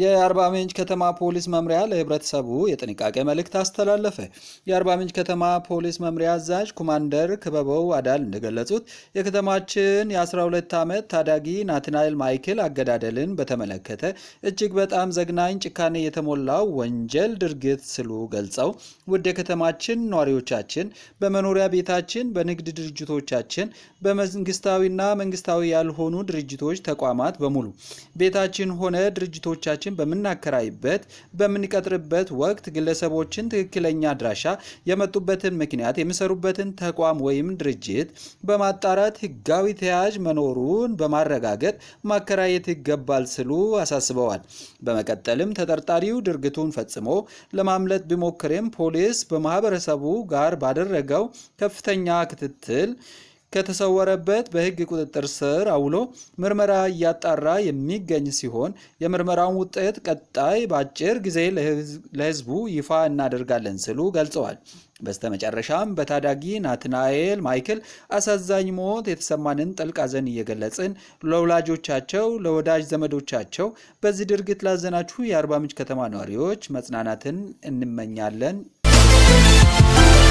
የአርባ ምንጭ ከተማ ፖሊስ መምሪያ ለህብረተሰቡ የጥንቃቄ መልእክት አስተላለፈ። የአርባ ምንጭ ከተማ ፖሊስ መምሪያ አዛዥ ኮማንደር ክበበው አዳል እንደገለጹት የከተማችን የ12 ዓመት ታዳጊ ናትናኤል ማይክል አገዳደልን በተመለከተ እጅግ በጣም ዘግናኝ ጭካኔ የተሞላው ወንጀል ድርጊት ስሉ ገልጸው ውድ የከተማችን ነዋሪዎቻችን፣ በመኖሪያ ቤታችን፣ በንግድ ድርጅቶቻችን፣ በመንግስታዊና መንግስታዊ ያልሆኑ ድርጅቶች፣ ተቋማት በሙሉ ቤታችን ሆነ ድርጅቶቻችን ቤቶችን በምናከራይበት በምንቀጥርበት ወቅት ግለሰቦችን ትክክለኛ አድራሻ፣ የመጡበትን ምክንያት፣ የሚሰሩበትን ተቋም ወይም ድርጅት በማጣራት ህጋዊ ተያዥ መኖሩን በማረጋገጥ ማከራየት ይገባል ስሉ አሳስበዋል። በመቀጠልም ተጠርጣሪው ድርጊቱን ፈጽሞ ለማምለጥ ቢሞክርም ፖሊስ በማህበረሰቡ ጋር ባደረገው ከፍተኛ ክትትል ከተሰወረበት በሕግ ቁጥጥር ስር አውሎ ምርመራ እያጣራ የሚገኝ ሲሆን የምርመራውን ውጤት ቀጣይ በአጭር ጊዜ ለህዝቡ ይፋ እናደርጋለን ሲሉ ገልጸዋል። በስተመጨረሻም በታዳጊ ናትናኤል ማይክል አሳዛኝ ሞት የተሰማንን ጥልቅ ሐዘን እየገለጽን ለወላጆቻቸው፣ ለወዳጅ ዘመዶቻቸው በዚህ ድርጊት ላዘናችሁ የአርባ ምንጭ ከተማ ነዋሪዎች መጽናናትን እንመኛለን።